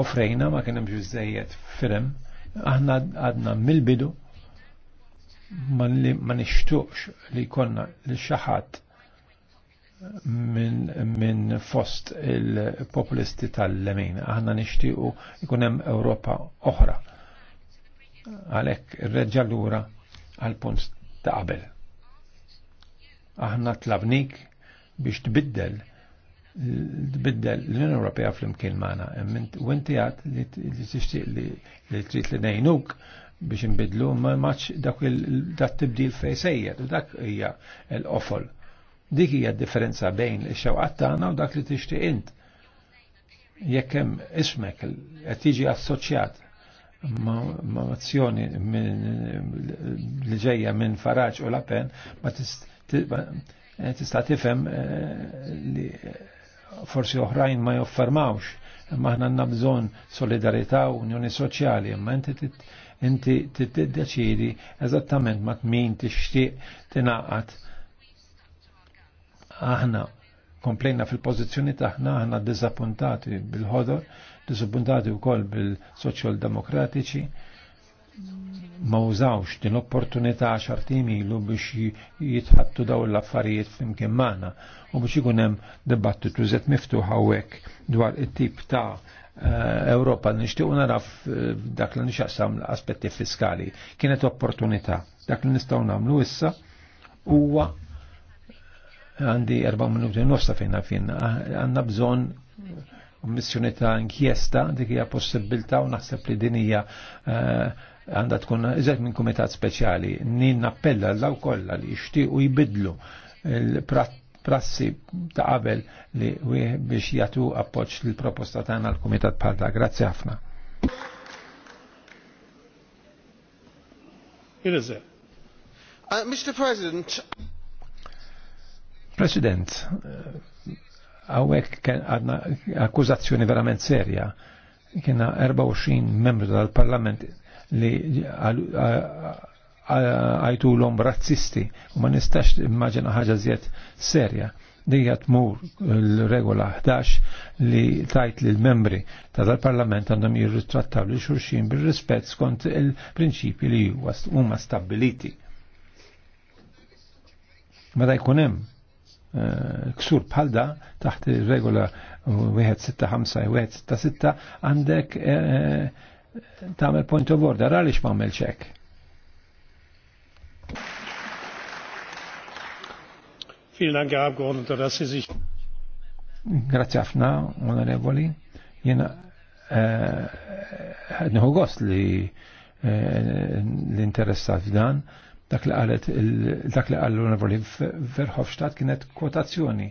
offrejna ma kienem bizzejiet firem, aħna għadna mill-bidu ma nixtuqx li konna li xaħat minn min fost il-populisti tal-lemin. Aħna nishtiqu ikun hemm Ewropa oħra. Għalhekk irreġġa lura għal-punt ta' qabel. Aħna tlabnik biex tbiddel tbiddel l-Unjoni Ewropea fl-imkien magħna. U inti għad li tixtieq li trid li ngħinuk biex nbidlu ma maċ dak il-tibdil fej u dak hija l qofol Dik hija differenza bejn ix-xewqat tagħna u dak li tixtieq int. Jekk hemm ismek qed jiġi assoċjat ma' azzjoni li ġejja minn Faraġ u Lapen ma eh, tista' tifhem eh, li forsi oħrajn ma joffermawx imma aħna għandna bżonn solidarità u unjoni soċjali, imma inti inti t-deċidi eżattament ma' min tixtieq tingħaqad. Aħna komplejna fil-pożizzjoni taħna aħna dizappuntati bil-ħodor, dizappuntati wkoll bil-Soċjal Demokratiċi ma użawx din l-opportunità xartim ilu biex jitħattu daw l-affarijiet flimkien magħna u biex ikun hemm dibattitu żed miftuħ dwar it-tip ta' Eh, Ewropa nixtieq naraf dak li nixaqsam l-aspetti fiskali. Kienet opportunità. Dak li nistgħu nagħmlu issa huwa għandi 4 minuti nofsa fejna fin għandna bżonn missjoni ta' inkjesta dik hija possibilità u naħseb li din hija eh, għandha tkun iżgħet minn kumitat speċjali. Nin nappella l-law kollha li jixtiequ jbidlu il-pratt prassi ta' qabel li biex jatu appoġġ lill proposta tagħna l-Kumitat Palta. Grazzi ħafna. Uh, Mr. President, President, għawek għadna akkużazzjoni verament serja. Kiena 24 membru tal-Parlament li għajtulhom razzisti u ma nistax immaġina ħaġa żjed serja. Dijat tmur l-regola 11 li tajt li l-membri ta' dal-parlament għandhom jirritrattaw li xurxin bil-rispett skont il-prinċipi li huma stabiliti. Meta jkun hemm eh, ksur bħalda taħt il-regola 165 u 166 għandek eh, eh, tagħmel point of order għaliex m'għamel ċekk Grazie ħafna, onorevoli. Jena eh, nħu gost li eh, l-interessat f'dan dak li qalet dak li qalu onorevoli Verhofstadt kienet kwotazzjoni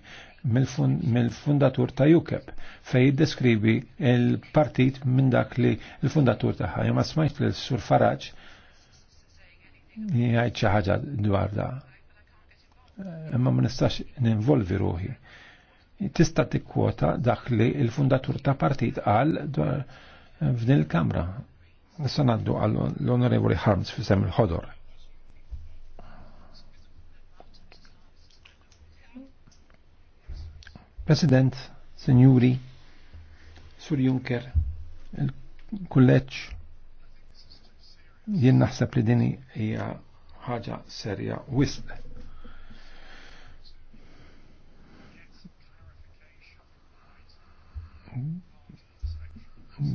mill-fundatur ta' UKIP fej jiddeskribi il-partit minn dak li l fundatur taħħa. Jema smajt li s-sur Faraġ Jgħid xi ħaġa dwar da' imma ma nistax ninvolvi ruħi. Tista' tikkwota dak li il-fundatur ta' partit qal eh, f'din il-Kamra. Nista' ngħaddu għall l-Onorevoli Harms fi sem il-ħodor. President, Senjuri, Sur Juncker, il kulleċ jien naħseb li dini hija ħaġa serja wisq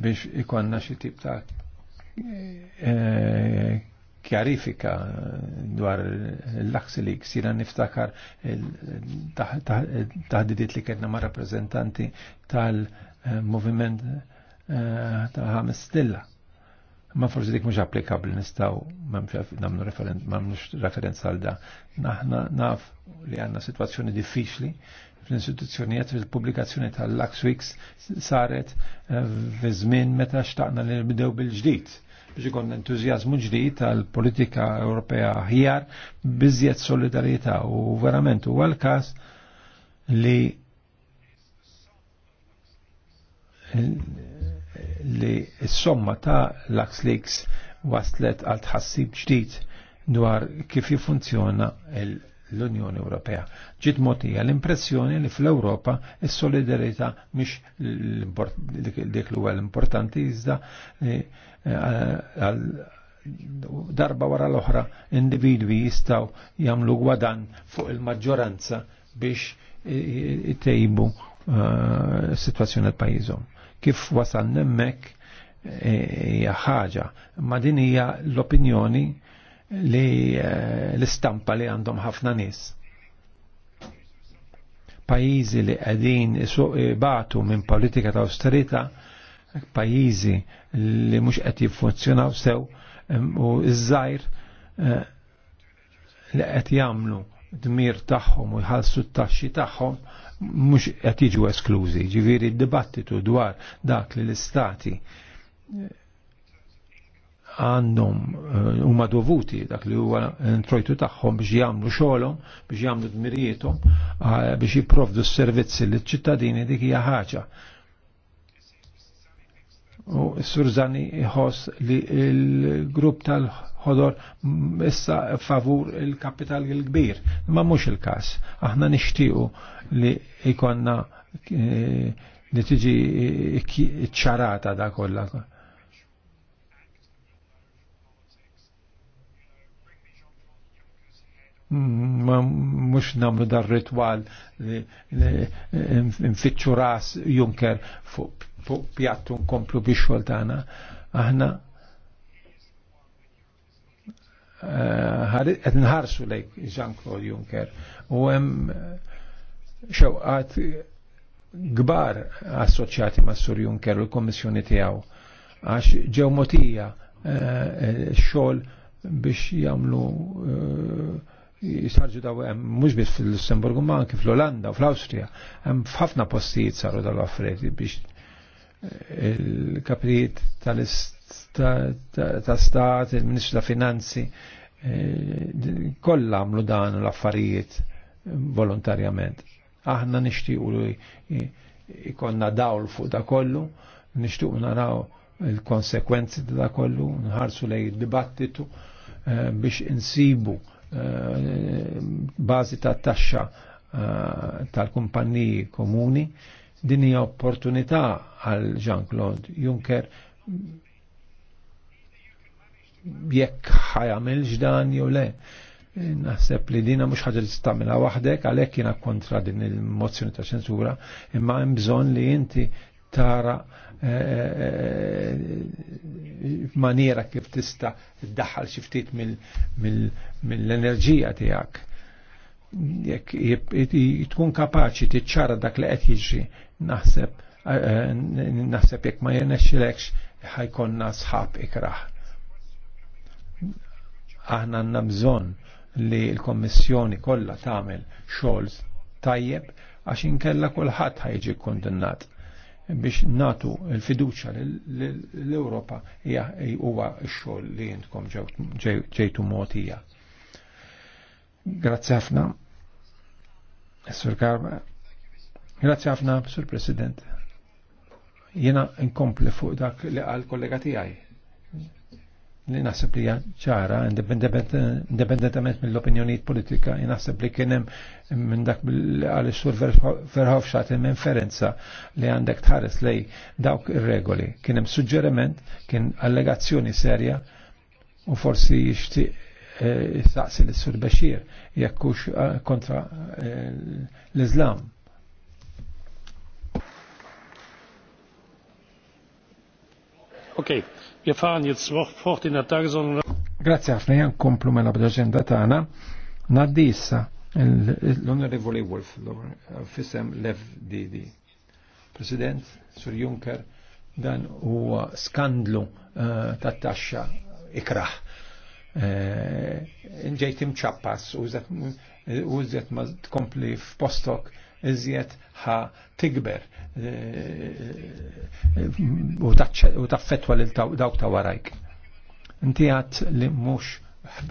biex ikonna xi tip ta' eh, kjarifika dwar l laqs li ksira niftakar taħdidit li kedna ma' rappresentanti tal-moviment eh, ta' ħames stilla. Ma forsi dik mhux applikabli nistgħu nagħmlu referenza għal da. Naħna naf li għandna sitwazzjoni diffiċli fl-istituzzjonijiet fil-pubblikazzjoni tal lax Weeks saret eh, fi żmien meta xtaqna li nibdew bil-ġdid biex ikon entuzjazmu ġdid tal-politika Ewropea ħjar biżjed solidarieta u verament huwa l-każ li li s-somma ta' Lux Leaks waslet għal tħassib ġdid dwar kif jifunzjona il- l-Unjoni Ewropea. Ġiet motija l-impressjoni li fl-Ewropa is solidarita mhix dik li huwa l-importanti iżda eh, eh, darba wara l-oħra individwi jistgħu jagħmlu gwadan fuq il-maġġoranza biex itejbu eh, situazzjoni pajjiżhom. Kif wasal nemmek hija ħaġa, ma din hija l-opinjoni li eh, l-istampa li għandhom ħafna nies. Pajizi li qegħdin eh, batu minn politika ta' austerita, pajizi li mhux qed jiffunzjonaw sew u iż-żajr eh, li qed jagħmlu dmir tagħhom u jħallsu t-taxxi tagħhom mhux qed jiġu esklużi. Ġifieri d-dibattitu dwar dak li l-istati għandhom eh, huma dovuti dak li huwa trojtu tagħhom biex jagħmlu xogħolhom, biex jagħmlu dmirijietom, eh, biex jipprovdu s-servizzi liċ ċittadini dik hija ħaġa. U s-Surzani ħoss li l-grupp tal-ħodor issa favur il-kapital il-kbir. Ma mhux il-każ. Aħna nixtiequ li ikonna eh, li tiġi ċarata da kollha mux namlu dar ritwal eh, nfittxu ras Junker fuq pjattu nkomplu biex xoltana. Aħna għed eh, nħarsu lejk Jean-Claude Juncker u hemm eh, xewqat gbar assoċjati ma' Sur Juncker u l-Kommissjoni tijaw għax ġew motija xol biex jagħmlu jisarġu daw mhux biss fil-Lussemburgu ma anke fl-Olanda u fl-Awstrija. Hemm f'ħafna postijiet saru dal-affarijiet biex eh, il-kaprijiet tal-istat, il-Ministru ta' Finanzi, eh, kollha għamlu dan l-affarijiet volontarjament. Aħna nixtiequ li ikonna dawl fuq da kollu, nixtiequ naraw il-konsekwenzi ta' da kollu, nħarsu lej dibattitu eh, biex insibu Eh, bażi ta' taxxa eh, tal-kumpanniji komuni din hija opportunità għal Jean-Claude Juncker jekk ħajamil ġdan jew le. Naħseb li dina mhux ħaġa li tistamilha waħdek għalhekk jiena kontra din il-mozzjoni ta' ċensura, imma hemm bżonn li inti tara maniera kif tista ddaħħal xi ftit mill-enerġija tiegħek. Jekk tkun kapaċi tiċċara dak li qed jiġri naħseb eh, eh, naħseb jekk ma jenexxilekx ħajkonna sħab ikraħ. Aħna għandna bżonn li l-Kommissjoni kollha tagħmel xogħol tajjeb għax inkella kulħadd ħajġi kondannat biex natu l-fiduċa l-Europa huwa x-xogħol li jintkom ġejtu motija. Grazzi ħafna, Sur Karma. Grazzi ħafna, Sur President. Jena nkompli fuq dak li għal kollega tiegħi li nasib li ċara, indipendentament mill-opinjonijiet politika, naħseb li kienem minn dak għal xur verħofxat inferenza li għandek tħares li dawk ir-regoli. Kienem suġġeriment, kien allegazzjoni serja u forsi jixtieq jistaqsi eh, l-Sur Bashir jekkux eh, kontra eh, l-Islam. Okay. Wir fahren jetzt fort in Grazie ħafna jan komplu mela bl-agenda tagħna. Naddi issa l-Onorevoli Wolf eh, fissem Lev Didi. President, Sur Juncker, dan huwa skandlu eh, ta' taxxa ikraħ. Eh, Ġejt imċappas użet ma tkompli f'postok iżjed ħa tikber eh, eh, u taffetwa lil dawk ta' warajk. Inti għat li mhux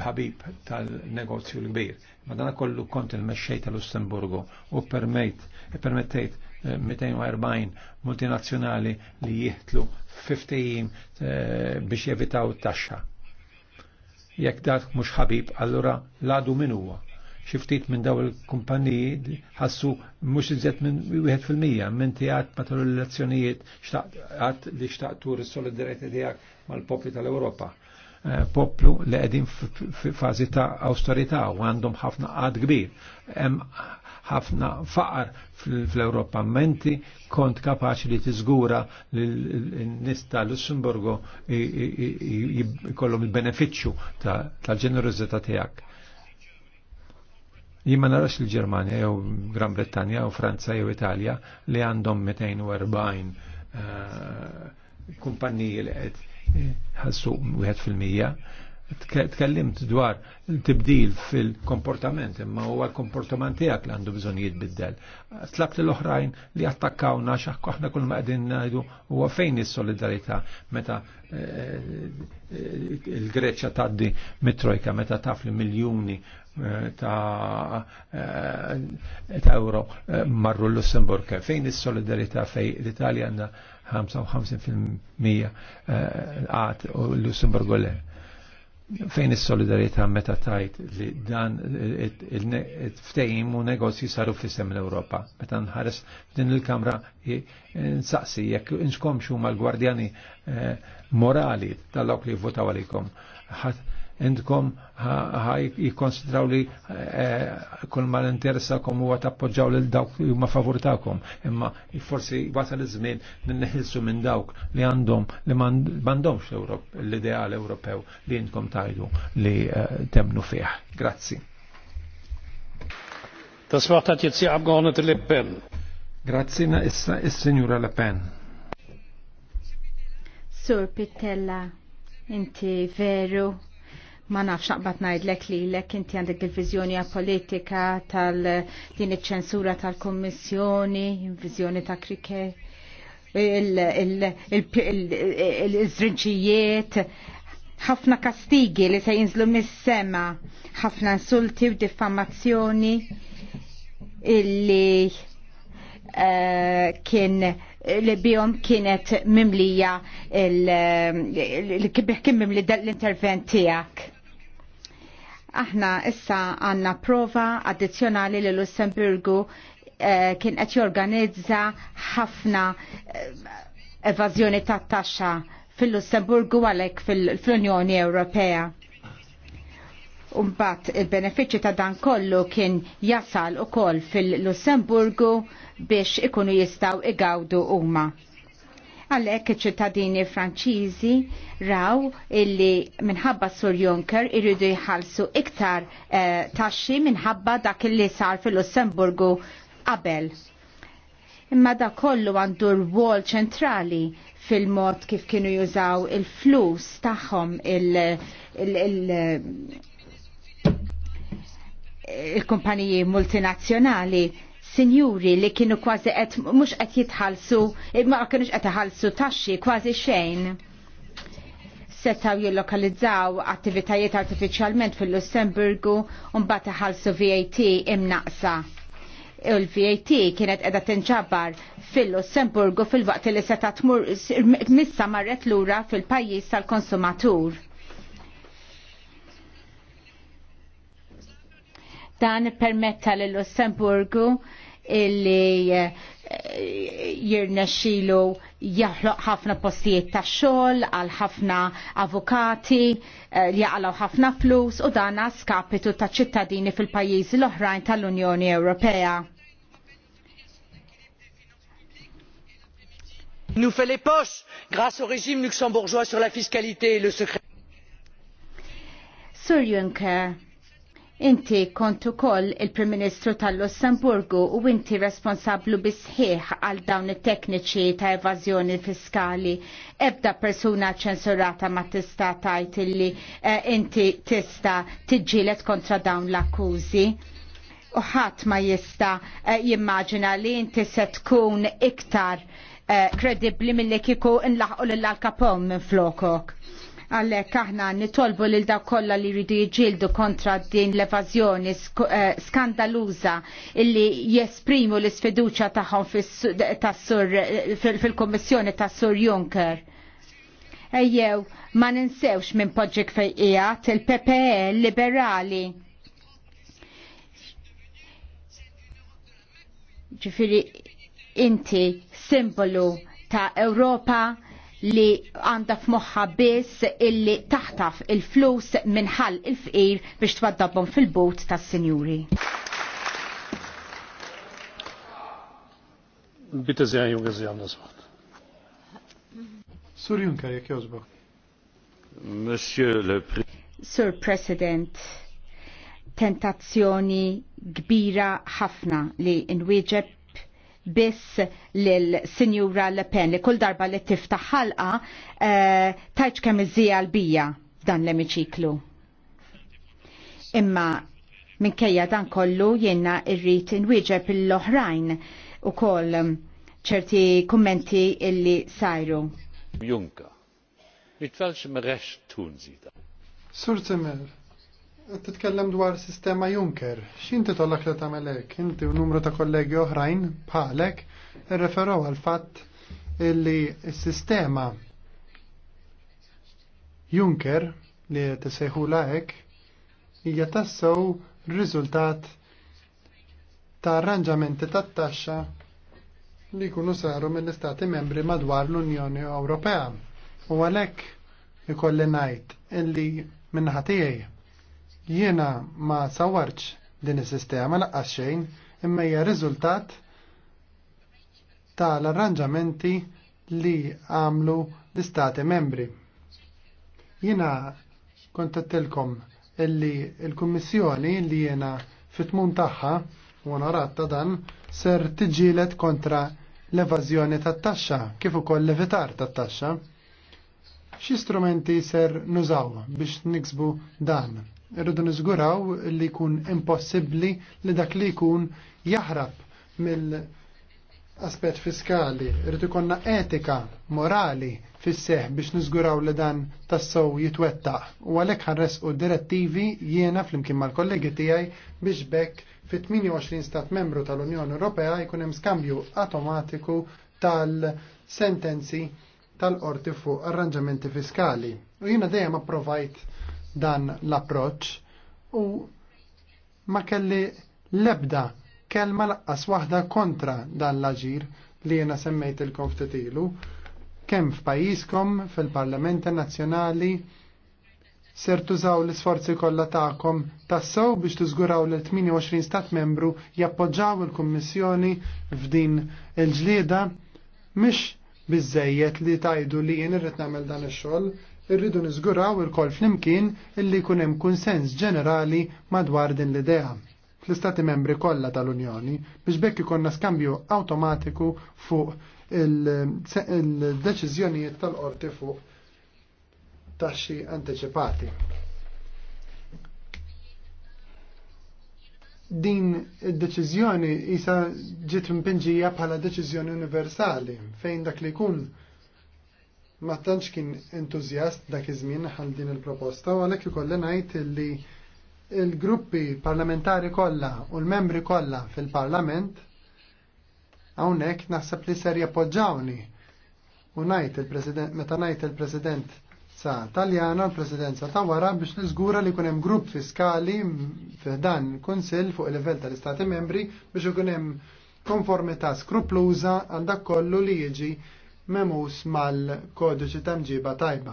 ħabib tal-negozju l-kbir. Ma dan kollu kont il-mexxej tal-Lussemburgu u permejt, permettejt 240 eh, multinazzjonali li jihtlu 50 biex jevitaw t-taxxa. Jekk dak mhux ħabib, allura ladu min huwa xiftit minn daw il-kumpaniji ħassu mux iżjed minn 1% minn tijat matul l-elezzjonijiet xtaqt li xtaqtu r solidarieti tijak mal-popli tal-Europa. Eh, poplu li għedin fazi ta' austerità u għandhom ħafna għad kbir. ħafna faqar fl-Europa menti kont kapaċi li tiżgura li n-nis ta' Lussemburgo jkollhom il-beneficju tal-ġenerożità tiegħek Jimma narax il-Germania, jew Gran Britannia, jew Franza, jew Italja li għandhom 240 eh, kumpanniji li għed ħassu 1%. Tkellimt dwar tibdil fil-komportament, imma huwa l-komportament tiegħek li għandu bżonn jitbiddel. Tlabt l-oħrajn li attakkawna x'aħk aħna kull ma qegħdin ngħidu huwa fejn is-solidarità meta eh, eh, il-Greċja tgħaddi mit-trojka meta taf li miljuni ta' eh, ta' euro eh, marru l-Lussemburg. Fejn is-solidarità fej l-Italja għandna 55% għat u eh, l-Lussemburgu le. Fejn is-solidarità meta tajt li dan il-ftejim u negozji saru fl-isem l-Europa. Meta nħares din il-kamra nsaqsi jekk inxkom mal l-gwardjani morali tal-ok li votaw għalikom indkom intkom jikonsidraw li eh, kull ma l kom u għat tappoġġaw l dawk u ma favur tagħkom. Imma forsi wasal izmin żmien ninneħilsu minn dawk li għandhom li m'għandhomx l-ideal Ewropew li indkom tajdu li eh, temnu fih. Grazzi. Das Wort għabgħonet jetzt Le Pen. Grazzi na issa il-Senjura Le Pen. Sur Pittella, inti veru ma nafx naqbad ngħidlek li lek inti għandek il-viżjoni politika tal din iċ-ċensura tal-Kummissjoni, viżjoni ta' krike, il-żrinċijiet, ħafna kastigi li se jinżlu mis-sema, ħafna insulti u diffamazzjoni illi eh, kien li bihom kienet mimlija il-kibih kien mimli l-intervent tijak. Aħna issa għanna prova addizjonali li Lussemburgu eh, kien qed jorganizza ħafna eh, evażjoni tat-taxxa fil-Lussemburgu għalhekk fl unjoni Ewropea. Umbat il benefiċċju ta' dan kollu kien jasal ukoll fil-Lussemburgu biex ikunu jistaw igawdu huma. Għalhekk iċ-ċittadini Franċiżi raw illi minħabba Sur Juncker irridu jħallsu iktar eh, taxxi minħabba dak illi sar fil-Lussemburgu qabel. Imma da kollu għandu rwol ċentrali fil-mod kif kienu jużaw il-flus tagħhom il-kumpaniji il il il multinazzjonali sinjuri li kienu kważi qed mhux qed jitħallsu, eh, ma kienux qed iħallsu taxxi kważi xejn. Setaw jillokalizzaw attivitajiet artifiċjalment fil-Lussemburgu u mbagħad iħallsu VAT imnaqsa. Il-VAT kienet qiegħda tinġabbar fil-Lussemburgu fil-waqt li seta' tmur missa marret lura fil-pajjiż tal-konsumatur. dan permetta l-Lussemburgu illi eh, jirnexxilu jahluq ħafna postijiet ta' xol, għal ħafna avokati, eh, li jaqalaw ħafna flus u dana skapitu ta' ċittadini fil-pajjiżi l-oħrajn tal-Unjoni Ewropea. Nous fe les poches grâce au régime luxembourgeois sur la fiscalité et le secret. Sir Juncker, Inti kont ukoll il-Prim Ministru tal-Lussemburgu u inti responsablu bisħiħ għal dawn it-tekniċi ta' evażjoni fiskali. Ebda persuna ċensurata ma tista' tajt illi eh, inti tista' tiġġielet kontra dawn l-akkużi. U ħadd ma jista' eh, jimmaġina li inti se tkun iktar eh, kredibbli milli kieku nlaħqu l alkapom minn flokok Għallek aħna nitolbu lil daw kollha li jridu jiġildu kontra din l-evażjoni eh, skandaluża illi jesprimu l-isfiduċa tagħhom fil-Kummissjoni tas-Sur Juncker. Ejjew, ma ninsewx minn poġġek fejqijat il-PPE liberali. Ġifiri, inti simbolu ta' Europa li għanda f'moħħa biss illi taħtaf il-flus minħal il-fqir biex twaddabbhom fil-bot tas-sinjuri. Bitte sehr, Junge, Sie haben das Wort. Sur Juncker, jek jozbok. Monsieur le Sur President, tentazzjoni kbira ħafna li nwieġeb biss lill sinjura Le Pen li kull darba li tiftaħ ħalqa uh, tajċ kemm iżija l-bija dan l-emiċiklu. Imma minkejja dan kollu jenna irrit inwieġeb l-oħrajn u koll mm, ċerti kummenti illi sajru. Junka, mitfalx mrex tun Sur Temer, titkellem dwar sistema Juncker. X'inti tollak li tagħmel hekk? Inti u numru ta' kollegi oħrajn bħalek irreferaw għal fatt illi s-sistema Juncker li tisejħu hekk hija tassew riżultat ta' arranġamenti tat-taxxa li jkunu saru mill-Istati membri madwar l-Unjoni Ewropea. U għalhekk ikolli ngħid illi minnaħa tiegħi Jiena ma sawarċ din is-sistema laqqas xejn, imma hija riżultat tal-arranġamenti li għamlu l-istati membri. Jiena tilkom illi il-Kummissjoni li jiena fit-tmun tagħha u onorat ta' dan ser tiġilet kontra l-evażjoni tat-taxxa kif ukoll l-evitar tat-taxxa. Xi strumenti ser nużaw biex niksbu dan? Irridu niżguraw li jkun impossibbli li dak li jkun jaħrab mill- aspet fiskali, irridu konna etika, morali fis-seħ biex nizguraw li dan tassow jitwetta. U għalek ħarres u direttivi jiena fl-imkien mal-kollegi tijaj biex bekk fit-28 stat membru tal-Unjoni Ewropea jkun hemm skambju automatiku tal-sentenzi tal-qorti fuq arranġamenti fiskali. U jiena dejjem approvajt dan l-approċ u ma kelli lebda kelma laqqas waħda kontra dan l-aġir li jena semmejt il-konftetilu kemm f'pajjiżkom fil-Parlamenti Nazzjonali ser tużaw l-isforzi kollha tagħkom tassew biex tużguraw l 28 stat membru jappoġġaw il-Kummissjoni f'din il-ġlieda mhix biżejjed li tajdu li jien irrid nagħmel dan ix-xogħol irridu niżguraw il-kol flimkien illi jkun hemm ġenerali madwar din l-idea fl-istati membri kollha tal-Unjoni biex bekk ikonna skambju awtomatiku fuq il-deċiżjonijiet il tal-qorti fuq taxxi anteċipati. din id-deċiżjoni isa ġiet impinġija bħala deċiżjoni universali fejn dak li jkun ma tantx kien entużjast dak iż-żmien ħal din il-proposta u għalhekk ikolli ngħid li il-gruppi parlamentari kollha u l-membri kollha fil-Parlament hawnhekk naħseb li ser jappoġġawni. U ngħid il-President meta ngħid il-President sa Taljana l-Presidenza ta' wara biex niżgura li kun hemm grupp fiskali f'dan il-Kunsill fuq il-livell tal-Istati Membri biex ikun hemm konformità skrupluża għal dak kollu li jiġi memus mal-kodiċi tamġiba tajba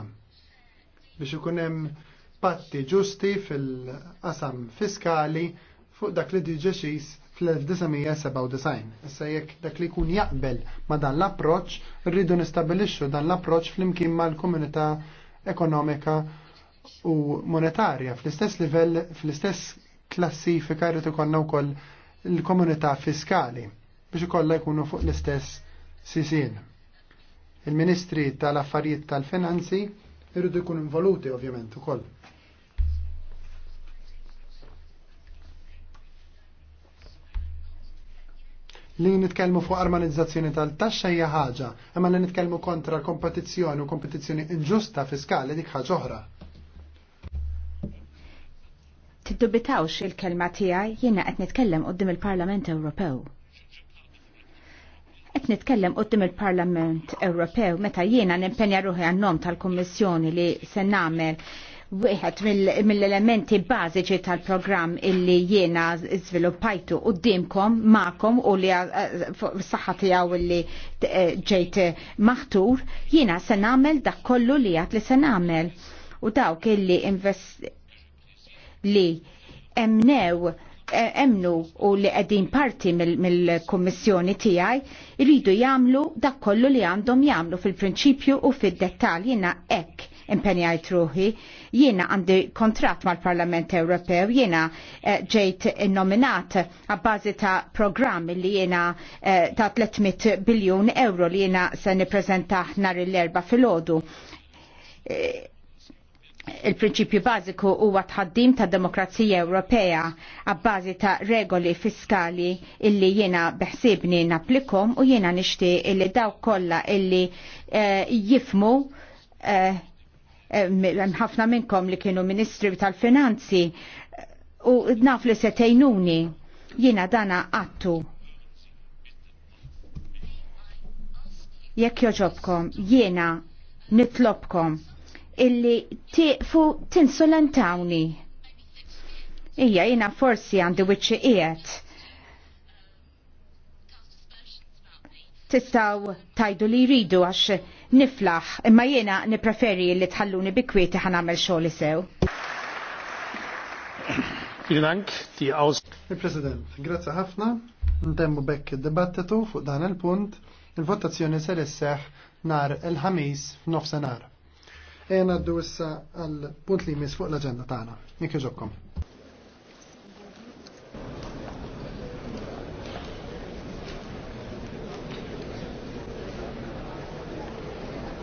biex ikun hemm patti ġusti fil-qasam fiskali fuq dak li diġeċis fl-1997. Issa jekk dak li jkun jaqbel ma dan l-approċ, rridu nistabilixxu dan l-approċ fl-imkien mal-komunità ekonomika u monetarja fl-istess livell, fl-istess klassifika rrid ikollna wkoll il komunità fiskali biex ikollha jkunu fuq l-istess sisien. Il-Ministri tal-Affarijiet tal-Finanzi irridu jkunu involuti ovvjament ukoll. li nitkellmu fuq armonizzazzjoni tal-taxxa hija ħaġa, imma li nitkellmu kontra kompetizzjoni u kompetizzjoni inġusta fiskali dik ħaġa oħra. Tiddubitawx il-kelma tiegħi jiena qed nitkellem qudiem il-Parlament Ewropew. Qed nitkellem qudiem il-Parlament Ewropew meta jiena nimpenja ruħi għan-nom tal-Kummissjoni li se nagħmel wieħed mill-elementi bażiċi tal-programm illi jiena żviluppajtu qudiemkom magħkom u li eh, saħħa tiegħu illi eh, ġejt maħtur, jiena se nagħmel dak kollu li għad li se nagħmel. U dawk illi invest li emnew E, emnu u li qegħdin parti mill-Kummissjoni mil tiegħi jridu jagħmlu dak kollu li għandhom jagħmlu fil-prinċipju u fid-dettall jiena hekk impenjajt ruħi, jiena għandi kontrat mal-Parlament Ewropew, jiena e, ġejt nominat għabbażi ta' programmi li jiena e, ta' 300 biljon euro li jiena se niprezentaħ nar l-erba fil-ħodu. Il-prinċipju bażiku huwa tħaddim ta' demokrazija Ewropea għabbażi ta' regoli fiskali illi jiena beħsibni naplikom u jiena nixti illi daw kollha illi eh, jifmu eh, eh, ħafna minnkom li kienu ministri tal-finanzi u naf li setejnuni jiena dana għattu jekk joġobkom jiena nitlobkom illi tiqfu tinsolentawni. Ija jina forsi għandi wiċċi qiegħed. tistaw tajdu li jridu għax niflaħ, imma jena nipreferi li tħalluni bikwieti ħan għamil xogħli sew. Dank, ti għawż. Il-President, grazzi ħafna, ntemmu bekk dibattitu fuq dan il-punt, il-votazzjoni ser isseħ nar il-ħamis f'nofsenar. Ena d-dursa għal punt li jmiss fuq l-agenda tagħna. Jekk